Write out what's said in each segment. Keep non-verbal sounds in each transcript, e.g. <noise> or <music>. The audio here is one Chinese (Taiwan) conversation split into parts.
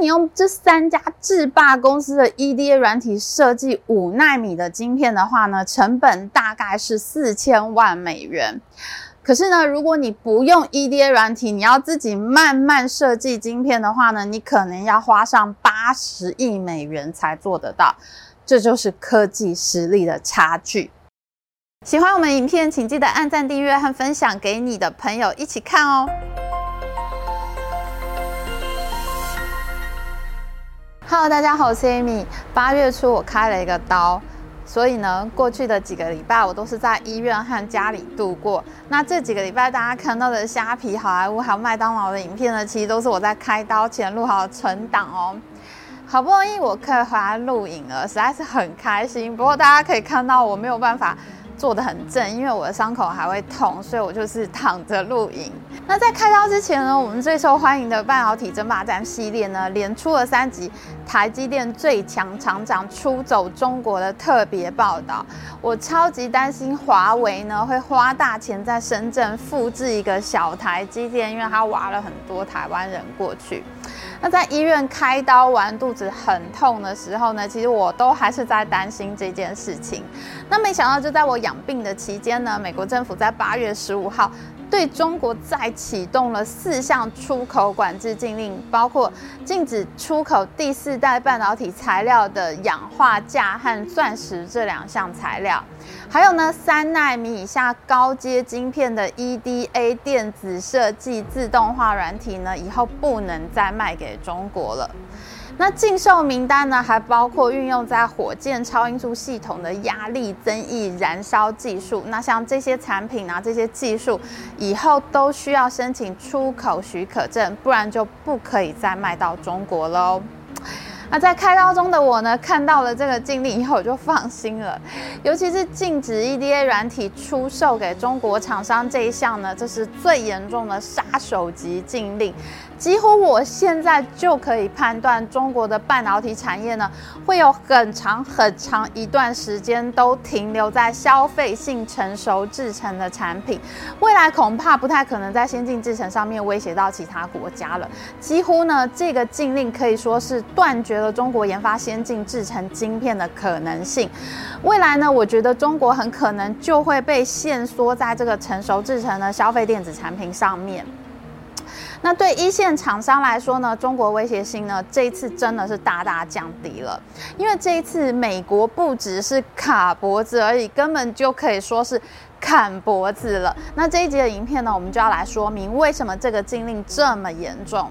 你用這三家製霸公司的 EDA 軟體設計五奈米的晶片的話呢，成本大概是四千萬美元。可是呢，如果你不用 EDA 軟體，你要自己慢慢設計晶片的話呢，你可能要花上八十億美元才做得到。這就是科技實力的差距。喜歡我們影片，請記得按讚、訂閱和分享給你的朋友一起看哦。哈嘍，大家好，我是 Amy。八月初我開了一個刀，所以呢，過去的幾個禮拜我都是在醫院和家裡度過。那這幾個禮拜大家看到的蝦皮、好萊塢還有麥當勞的影片呢，其實都是我在開刀前錄好的存檔哦。好不容易我可以回來錄影了，實在是很開心。不過大家可以看到，我沒有辦法，坐得很正，因為我的傷口還會痛，所以我就是躺着露營。那在開刀之前呢，我們最受歡迎的半導體爭霸戰系列呢，連出了三集，台積電最強廠長出走中國的特別報道。我超級擔心華為呢會花大錢在深圳複制一個小台積電，因為他挖了很多台灣人過去。那在醫院開刀完肚子很痛的時候呢，其實我都還是在擔心這件事情。那沒想到，就在我養病的期間呢，美國政府在八月十五號，對中國再啟動了四項出口管制禁令，包括禁止出口第四代半導體材料的氧化鎵和鑽石這兩項材料，還有呢，三奈米以下高階晶片的 EDA 電子設計自動化軟體呢，以後不能再賣給中國了。那禁售名單呢，還包括運用在火箭超音速系統的壓力增益燃燒技術。那像這些產品啊，這些技術以後都需要申請出口許可證，不然就不可以再賣到中國嘍。那在開刀中的我呢，看到了這個禁令以後我就放心了，尤其是禁止 EDA 軟體出售給中國廠商這一項呢，這是最嚴重的殺手級禁令。幾乎我現在就可以判斷，中國的半導體產業呢，會有很長很長一段時間都停留在消費性成熟製程的產品，未來恐怕不太可能在先進製程上面威脅到其他國家了。幾乎呢，這個禁令可以說是斷絕。覺得中國研發先進製程晶片的可能性，未來呢，我覺得中國很可能就會被限縮在這個成熟製程的消費電子產品上面。那對一線廠商來說呢，中國威脅性呢，這一次真的是大大降低了，因為這一次美國不只是卡脖子而已，根本就可以說是砍脖子了。那這一集的影片呢，我們就要來說明為什麼這個禁令這麼嚴重。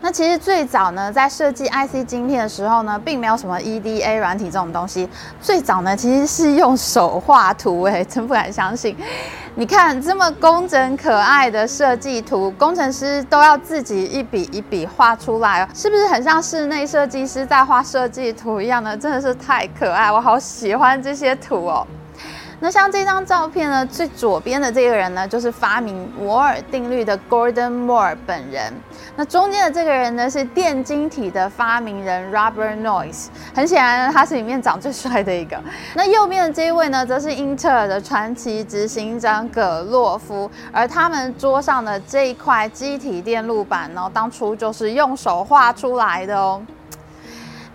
那其實最早呢，在設計 IC 晶片的時候呢，並沒有什麼 EDA 軟體這種東西。最早呢，其實是用手畫圖，哎，真不敢相信。你看這麼工整可愛的設計圖，工程師都要自己一筆一筆畫出來哦，是不是很像室內設計師在畫設計圖一樣呢？真的是太可愛，我好喜歡這些圖哦。那像這張照片呢，最左邊的這個人呢，就是發明摩爾定律的 Gordon Moore 本人。那中間的這個人呢，是電晶體的發明人 Robert Noyce。很顯然，他是裡面長最帥的一個。那右邊的這一位呢，則是英特爾的傳奇執行長葛洛夫。而他們桌上的這一塊積體電路板呢，當初就是用手畫出來的哦。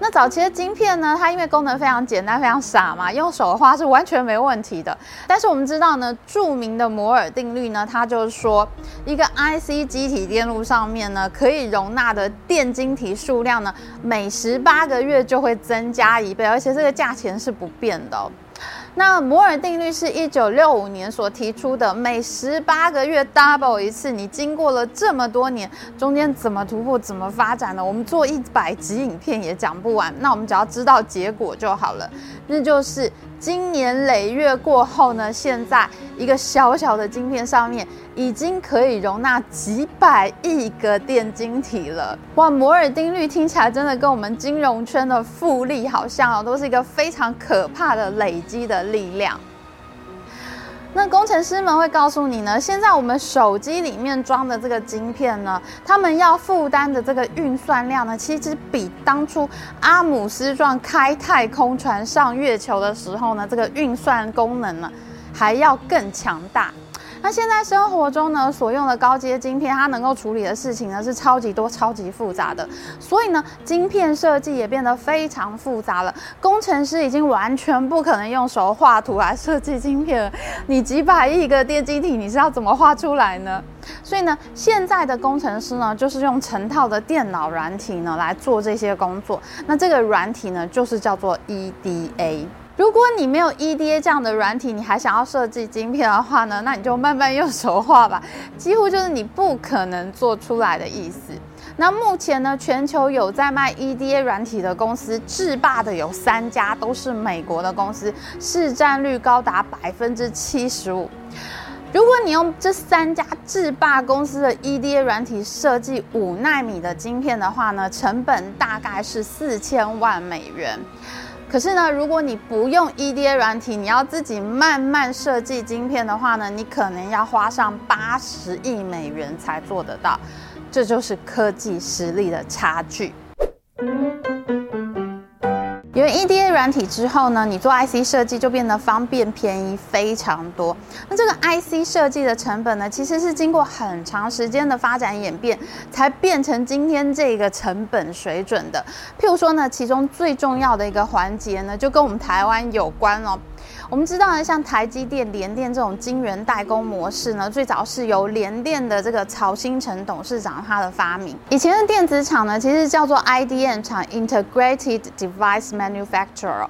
那早期的晶片呢，它因為功能非常簡單，非常傻嘛，用手的話是完全沒問題的。但是我們知道呢，著名的摩爾定律呢，它就是說，一個 IC 積體電路上面呢，可以容納的電晶體數量呢，每十八個月就會增加一倍，而且這個價錢是不變的哦。那摩爾定律是一九六五年所提出的，每十八個月 double 一次。你經過了這麼多年，中間怎麼突破，怎麼發展呢？我們做一百集影片也講不完。那我們只要知道結果就好了，那就是。經年累月過後呢，現在一個小小的晶片上面已經可以容納幾百億個電晶體了。哇，摩爾定律聽起來真的跟我們金融圈的複利好像哦，都是一個非常可怕的累積的力量。那工程師們會告訴你呢，現在我們手機裡面裝的這個晶片呢，他們要負擔的這個運算量呢，其實比當初阿姆斯壯開太空船上月球的時候呢，這個運算功能呢，還要更強大。那現在生活中呢，所用的高階晶片，它能夠處理的事情呢，是超級多、超級複雜的。所以呢，晶片設計也變得非常複雜了。工程師已經完全不可能用手畫圖來設計晶片了。你幾百億個電晶體，你是要怎麼畫出來呢？所以呢，現在的工程師呢，就是用成套的電腦軟體呢來做這些工作。那這個軟體呢，就是叫做 EDA。如果你沒有 EDA 這樣的軟體，你還想要設計晶片的話呢，那你就慢慢用手畫吧，幾乎就是你不可能做出來的意思。那目前呢，全球有在賣 EDA 軟體的公司，制霸的有三家，都是美國的公司，市占率高達百分之七十五。如果你用這三家制霸公司的 EDA 軟體設計五奈米的晶片的話呢，成本大概是四千萬美元。可是呢，如果你不用 EDA 軟體，你要自己慢慢設計晶片的話呢，你可能要花上八十億美元才做得到，這就是科技實力的差距。因為 EDA 軟體之後呢，你做 IC 設計就變得方便、便宜非常多。那這個 IC 設計的成本呢，其實是經過很長時間的發展演變，才變成今天這個成本水準的。譬如說呢，其中最重要的一個環節呢，就跟我們台灣有關哦。我們知道呢，像台積電、聯電這種晶圓代工模式呢，最早是由聯電的這個曹興誠董事長他的發明。以前的電子廠呢，其實叫做 IDM 廠 （Integrated Device Manufacturer）。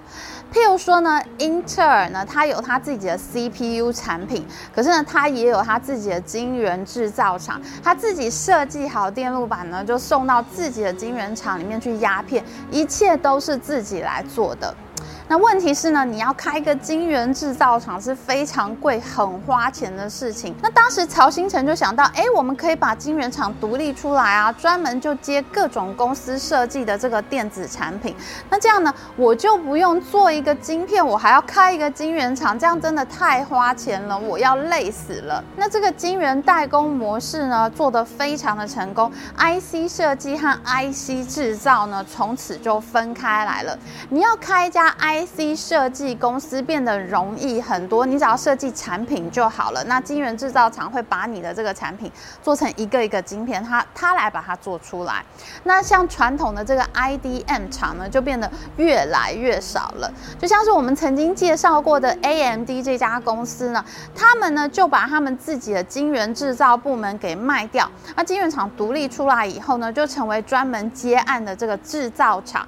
譬如說呢，英特爾呢，它有它自己的 CPU 產品，可是呢，它也有它自己的晶圓製造廠，它自己設計好電路板呢，就送到自己的晶圓廠裡面去壓片，一切都是自己來做的。那問題是呢，你要開一個晶圓制造廠是非常貴、很花錢的事情。那當時曹興誠就想到，哎，我們可以把晶圓廠獨立出來啊，專門就接各種公司設計的這個電子產品。那這樣呢，我就不用做一個晶片，我還要開一個晶圓廠，這樣真的太花錢了，我要累死了。那這個晶圓代工模式呢，做得非常的成功。IC 設計和 IC 製造呢，從此就分開來了。你要開一家 I IC 設計公司變得容易很多，你只要設計產品就好了。那晶圓製造廠會把你的這個產品做成一個一個晶片，它它來把它做出來。那像傳統的這個 IDM 廠呢，就變得越來越少了。就像是我們曾經介紹過的 AMD 這家公司呢，他們呢就把他們自己的晶圓製造部門給賣掉。那晶圓廠獨立出來以後呢，就成為專門接案的這個製造廠。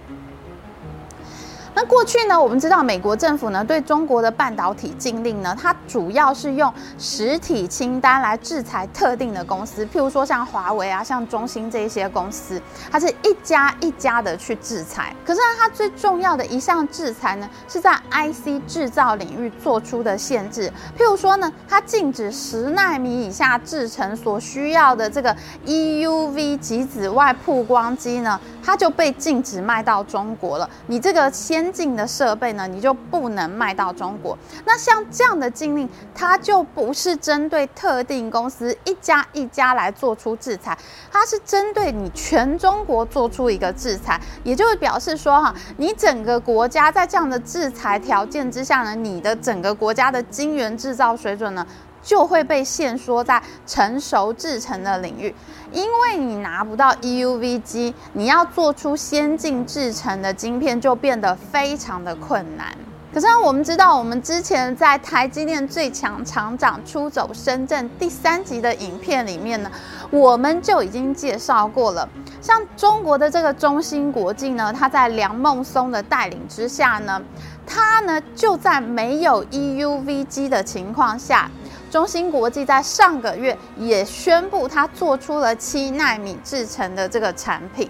那過去呢，我們知道美國政府呢對中國的半導體禁令呢，它主要是用實體清單來制裁特定的公司，譬如說像華為啊、像中興這一些公司，它是一家一家的去制裁。可是呢，它最重要的一項制裁呢，是在 IC 製造領域做出的限制，譬如說呢，它禁止十奈米以下製程所需要的這個 EUV 極紫外曝光機呢，它就被禁止賣到中國了。你這個先。先進的設備呢，你就不能賣到中國。那像這樣的禁令，它就不是針對特定公司一家一家來做出制裁，它是針對你全中國做出一個制裁，也就是表示說哈、啊，你整個國家在這樣的制裁條件之下呢，你的整個國家的晶圓制造水準呢。就會被限縮在成熟製程的領域，因為你拿不到 EUV 機，你要做出先進製程的晶片就變得非常的困難。可是我們知道，我們之前在台積電最強廠長出走深圳第三集的影片裡面呢，我們就已經介紹過了。像中國的這個中芯國際呢，它在梁孟松的帶領之下呢，它呢就在沒有 EUV 機的情況下，中芯國際在上個月也宣布，它做出了七納米製程的這個產品。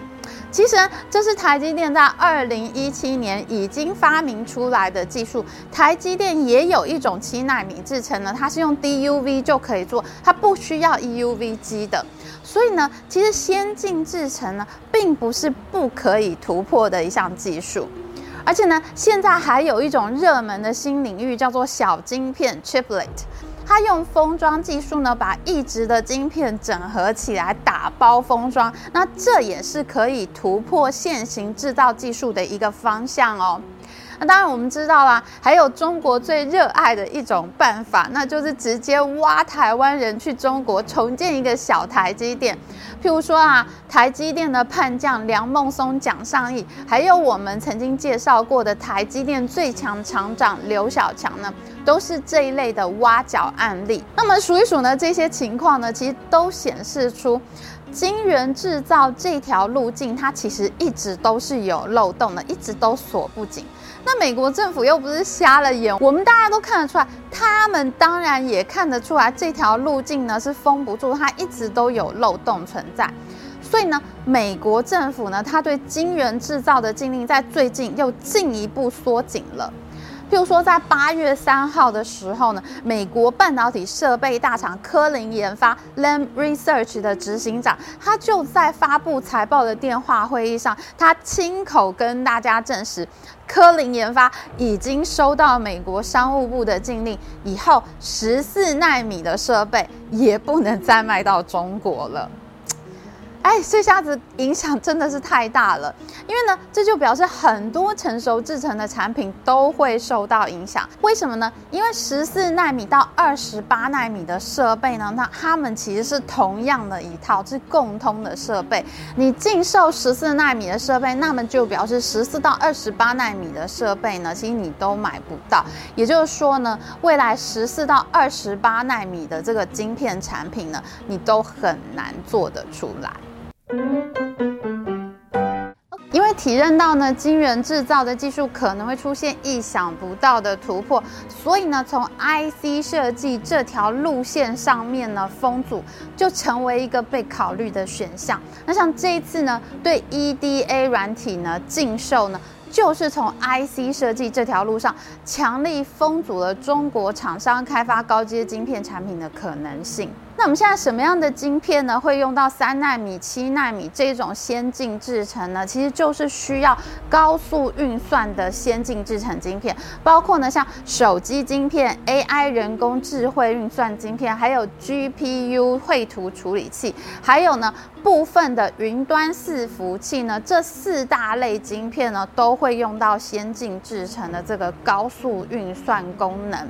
其實這是台積電在二零一七年已經發明出來的技術。台積電也有一種七納米製程呢，它是用 DUV 就可以做，它不需要 EUV 機的。所以呢，其實先進製程呢並不是不可以突破的一項技術。而且呢，現在還有一種熱門的新領域叫做小晶片 Chiplet。他用封裝技術呢，把一直的晶片整合起來打包封裝，那這也是可以突破現行製造技術的一個方向哦。那當然，我們知道啦，還有中國最熱愛的一種辦法，那就是直接挖台灣人去中國重建一個小台積電。譬如說啊，台積電的叛將梁孟松、蔣尚義，還有我們曾經介紹過的台積電最強廠長劉小強呢。都是這一類的挖角案例。那麼數一數呢，這些情況呢，其實都顯示出，晶圓製造這條路徑它其實一直都是有漏洞的，一直都鎖不緊。那美國政府又不是瞎了眼，我們大家都看得出來，他們當然也看得出來，這條路徑呢是封不住，它一直都有漏洞存在。所以呢，美國政府呢，它對晶圓製造的禁令在最近又進一步縮緊了。譬如說，在八月三號的時候呢，美國半導體設備大廠科林研發 （Lam Research） 的執行長，他就在發布財報的電話會議上，他親口跟大家證實，科林研發已經收到美國商務部的禁令，以後十四奈米的設備也不能再賣到中國了。哎，這下子影響真的是太大了，因為呢，這就表示很多成熟製程的產品都會受到影響。為什麼呢？因為十四納米到二十八納米的設備呢，那它們其實是同樣的一套，是共通的設備。你禁售十四納米的設備，那麼就表示十四到二十八納米的設備呢，其實你都買不到。也就是說呢，未來十四到二十八納米的這個晶片產品呢，你都很難做得出來。因為體認到呢，晶圓製造的技術可能會出現意想不到的突破，所以呢，從 I C 設計這條路線上面呢，封堵就成為一個被考慮的選項。那像這一次呢，對 E D A 軟體呢禁售，呢，就是從 I C 設計這條路上強力封堵了中國廠商開發高階晶片產品的可能性。那我們現在什麼樣的晶片呢，會用到三奈米、七奈米這種先進製程呢？其實就是需要高速運算的先進製程晶片，包括呢像手機晶片、AI 人工智慧運算晶片，還有 GPU 繪圖處理器，還有呢部分的雲端伺服器呢，這四大類晶片呢都會用到先進製程的這個高速運算功能。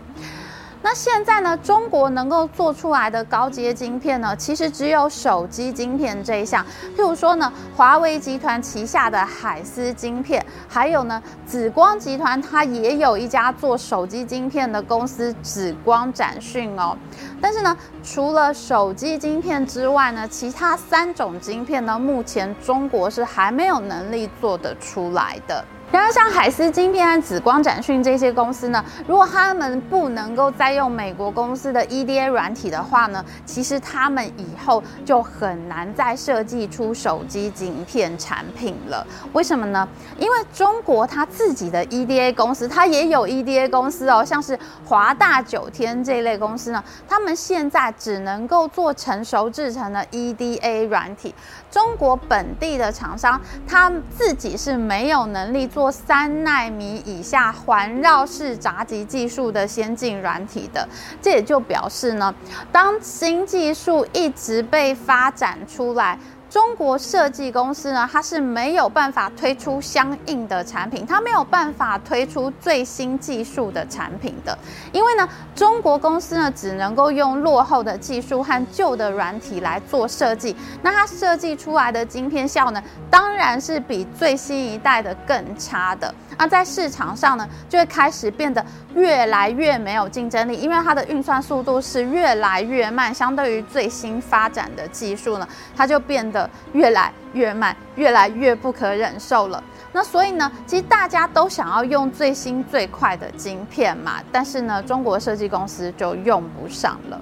那現在呢，中國能夠做出來的高階晶片呢，其實只有手機晶片這一項。譬如說呢，華為集團旗下的海思晶片，還有呢，紫光集團它也有一家做手機晶片的公司，紫光展訊哦。但是呢，除了手機晶片之外呢，其他三種晶片呢，目前中國是還沒有能力做得出來的。然而，像海思晶片和紫光展訊這些公司呢，如果他們不能夠再用美國公司的 EDA 軟體的話呢，其實他們以後就很難再設計出手機晶片產品了。為什麼呢？因為中國他自己的 EDA 公司，他也有 EDA 公司哦，像是華大九天這一類公司呢，他們現在只能夠做成熟制程的 EDA 軟體。中國本地的廠商，他自己是沒有能力做。三納米以下環繞式閘極技術的先進軟體的，這也就表示呢，當新技術一直被發展出來。中國設計公司呢，它是沒有辦法推出相應的產品，它沒有辦法推出最新技術的產品的，因為呢，中國公司呢，只能夠用落後的技術和舊的軟體來做設計，那它設計出來的晶片效能當然是比最新一代的更差的。那、啊、在市場上呢，就會開始變得越來越沒有競爭力，因為它的運算速度是越來越慢，相對於最新發展的技術呢，它就變得越來越慢，越來越不可忍受了。那所以呢，其實大家都想要用最新最快的晶片嘛，但是呢，中國設計公司就用不上了。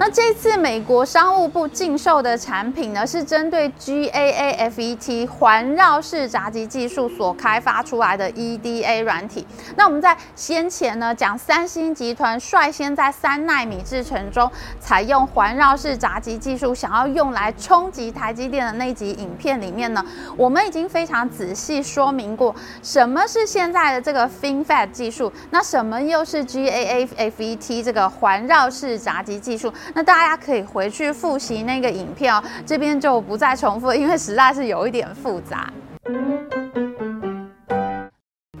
那這次美國商務部禁售的產品呢，是針對 GAAFET 環繞式閘極技術所開發出來的 EDA 軟體。那我們在先前呢講三星集團率先在三奈米製程中採用環繞式閘極技術，想要用來衝擊台積電的那集影片裡面呢，我們已經非常仔細說明過，什麼是現在的這個 FinFET 技術，那什麼又是 GAAFET 這個環繞式閘極技術？那大家可以回去複習那個影片哦，這邊就不再重複，因為實在是有一點複雜。 <music>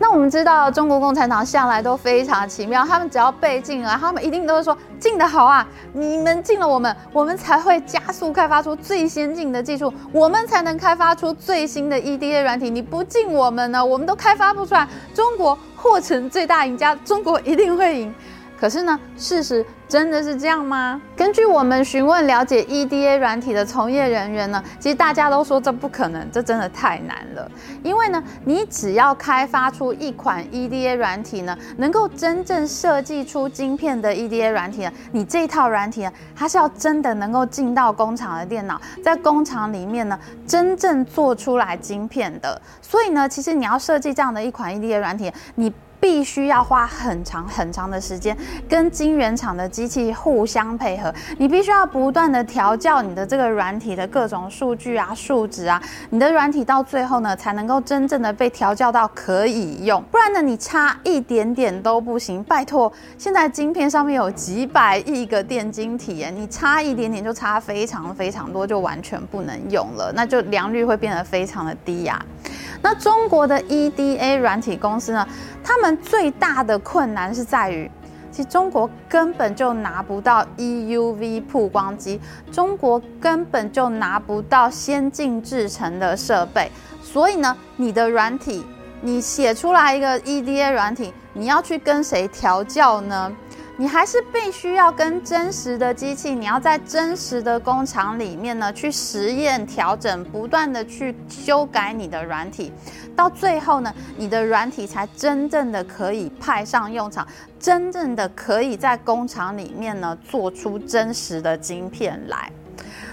那我們知道，中國共產黨向來都非常奇妙，他們只要被禁了，他們一定都是說禁得好啊！你們禁了我們，我們才會加速開發出最先進的技術，我們才能開發出最新的 EDA 軟體。你不禁我們呢，我們都開發不出來。中國或成最大贏家，中國一定會贏。可是呢，事實真的是這樣嗎？根據我們詢問了解 EDA 軟體的從業人員呢，其實大家都說，這不可能，這真的太難了。因為呢，你只要開發出一款 EDA 軟體呢，能夠真正設計出晶片的 EDA 軟體呢，你這套軟體呢，它是要真的能夠進到工廠的電腦，在工廠裡面呢，真正做出來晶片的。所以呢，其實你要設計這樣的一款 EDA 軟體，你，必須要花很長很長的時間跟晶圓廠的機器互相配合，你必須要不斷的調教你的這個軟體的各種數據啊、數值啊，你的軟體到最後呢才能夠真正的被調教到可以用，不然呢你差一點點都不行。拜托，現在晶片上面有幾百億個電晶體耶，你差一點點就差非常非常多，就完全不能用了，那就良率會變得非常的低呀、啊。那中國的 EDA 軟體公司呢？他們最大的困難是在於，其實中國根本就拿不到 EUV 曝光機，中國根本就拿不到先進製程的設備，所以呢，你的軟體，你寫出來一個 EDA 軟體，你要去跟誰調教呢？你還是必須要跟真實的機器，你要在真實的工廠裡面呢去實驗、調整，不斷的去修改你的軟體，到最後呢，你的軟體才真正的可以派上用場，真正的可以在工廠裡面呢做出真實的晶片來。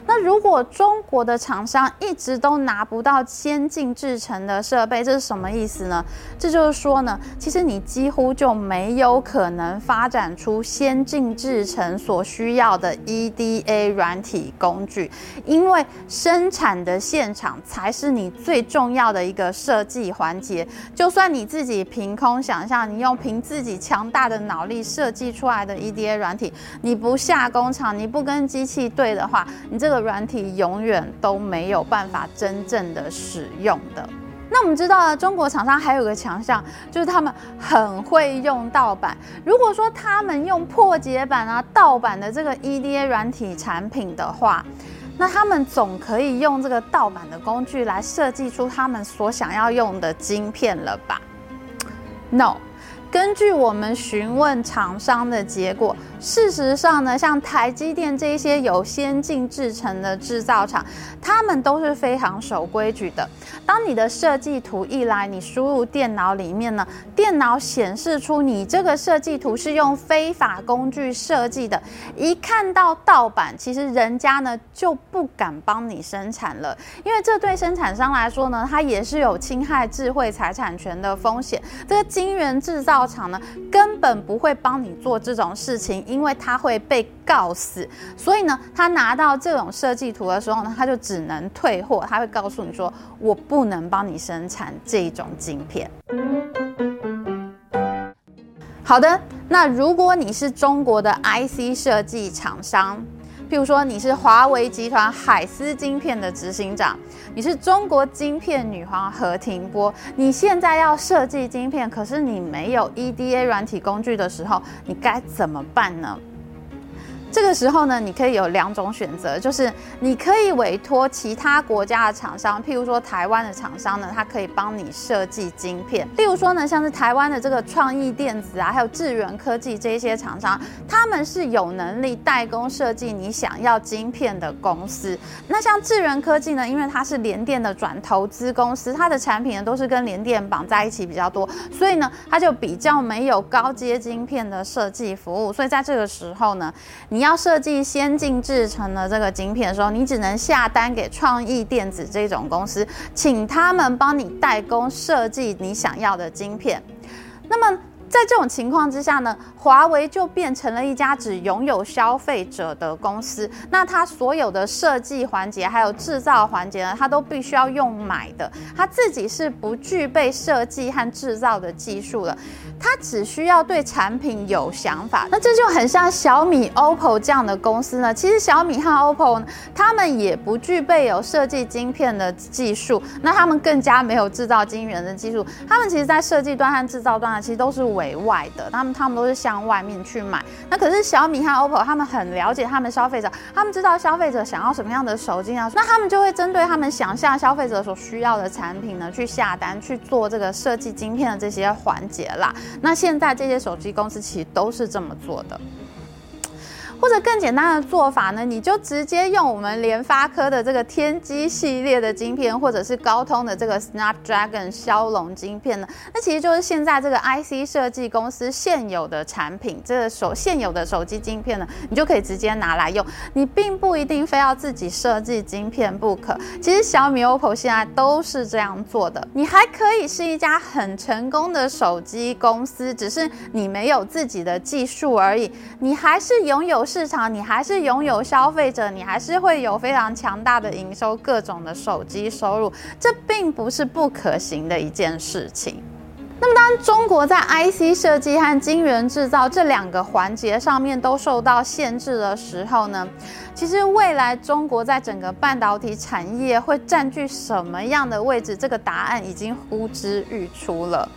那如果中國的廠商一直都拿不到先進製程的設備，這是什麼意思呢？這就是說呢，其實你幾乎就沒有可能發展出先進製程所需要的 EDA 軟體工具，因為生產的現場才是你最重要的一個設計環節。就算你自己憑空想象，你用憑自己強大的腦力設計出來的 EDA 軟體，你不下工廠，你不跟機器對的話，你這個。的軟體永遠都沒有辦法真正的使用的。那我們知道，中國廠商還有一個強項，就是他們很會用盜版。如果說他們用破解版啊、盜版的這個 EDA 軟體產品的話，那他們總可以用這個盜版的工具來設計出他們所想要用的晶片了吧？No。根據我們詢問廠商的結果，事實上呢，像台積電這一些有先進製程的製造廠，他們都是非常守規矩的。當你的設計圖一來，你輸入電腦裡面呢，電腦顯示出你這個設計圖是用非法工具設計的，一看到盜版，其實人家呢就不敢幫你生產了，因為這對生產商來說呢，它也是有侵害智慧財產權的風險。這個晶圓製造。廠呢根本不會幫你做這種事情，因為他會被告死。所以呢，他拿到這種設計圖的時候呢，他就只能退貨。他會告訴你說：“我不能幫你生產這種晶片。”好的，那如果你是中國的 IC 設計廠商。譬如說，你是華為集團海思晶片的執行長，你是中國晶片女皇何庭波，你現在要設計晶片，可是你沒有 EDA 軟體工具的時候，你該怎麼辦呢？這個時候呢，你可以有兩種選擇，就是你可以委托其他國家的廠商，譬如說台灣的廠商呢，它可以幫你設計晶片。例如說呢，像是台灣的這個創意電子啊，還有智原科技這一些廠商，他們是有能力代工設計你想要晶片的公司。那像智原科技呢，因為它是聯電的轉投資公司，它的產品呢都是跟聯電綁在一起比較多，所以呢，它就比較沒有高階晶片的設計服務。所以在這個時候呢，你要。要設計先進製程的這個晶片的時候，你只能下單給創意電子這種公司，請他們幫你代工設計你想要的晶片。那麼在這種情況之下呢，華為就變成了一家只擁有消費者的公司。那它所有的設計環節還有製造環節呢，它都必須要用買的，它自己是不具備設計和製造的技術了。他只需要對產品有想法，那這就很像小米、OPPO 這樣的公司呢。其實小米和 OPPO，他們也不具備有設計晶片的技術，那他們更加沒有製造晶圓的技術。他們其實，在設計端和製造端其實都是委外的，他們他們都是向外面去買。那可是小米和 OPPO，他們很了解他們消費者，他們知道消費者想要什麼樣的手機啊，那他們就會針對他們想象消費者所需要的產品呢，去下單去做這個設計晶片的這些環節啦。那現在這些手機公司其實都是這麼做的。或者更簡單的做法呢，你就直接用我們聯發科的這個天璣系列的晶片，或者是高通的這個 Snapdragon 驍龍晶片呢，那其實就是現在這個 IC 設計公司現有的產品，這個手現有的手機晶片呢，你就可以直接拿來用。你並不一定非要自己設計晶片不可。其實小米、OPPO 現在都是這樣做的。你還可以是一家很成功的手機公司，只是你沒有自己的技術而已，你還是擁有。市場，你還是擁有消費者，你還是會有非常強大的營收，各種的手機收入，這並不是不可行的一件事情。那麼，當中國在 IC 設計和晶圓製造這兩個環節上面都受到限制的時候呢，其實，未來中國在整個半導體產業會占據什麼樣的位置？這個答案已經呼之欲出了。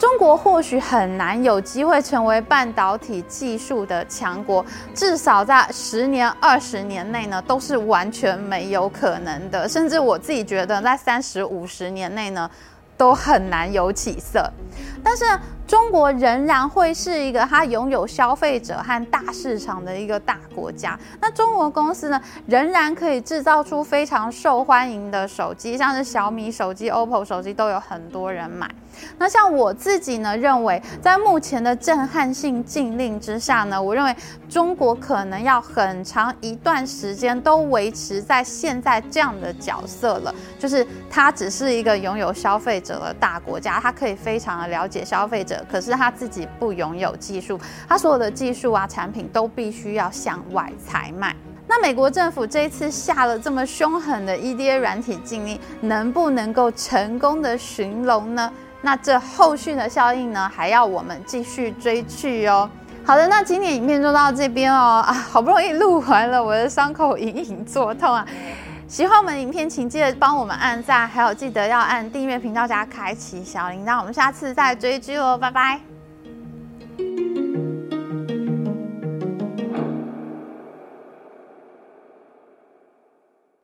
中國或許很難有機會成為半導體技術的強國，至少在十年、二十年內呢，都是完全沒有可能的。甚至我自己覺得，在三十五十年內呢，都很難有起色。但是，中國仍然會是一個它擁有消費者和大市場的一個大國家。那中國公司呢，仍然可以制造出非常受歡迎的手機，像是小米手機、OPPO 手機都有很多人買。那像我自己呢，認為在目前的震撼性禁令之下呢，我認為中國可能要很長一段時間都維持在現在這樣的角色了，就是它只是一個擁有消費者的大國家，它可以非常的了解消費者，可是它自己不擁有技術，它所有的技術啊產品都必須要向外採買。那美國政府這一次下了這麼凶狠的 EDA 軟體禁令，能不能夠成功的馴龍呢？那這後續的效應呢，還要我們繼續追劇哦。好的，那今天的影片就到這邊哦。啊，好不容易錄完了，我的傷口隱隱作痛啊。喜歡我們影片，請記得幫我們按讚，還有記得要按訂閱頻道加開啟小鈴鐺。我們下次再追劇嘍，拜拜。